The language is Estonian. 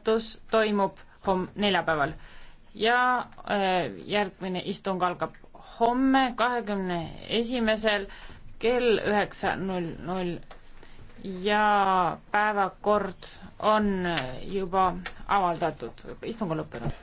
hääletus toimub homme, neljapäeval ja äh, järgmine istung algab homme, kahekümne esimesel kell üheksa null null ja päevakord on juba avaldatud, istung on lõppenud.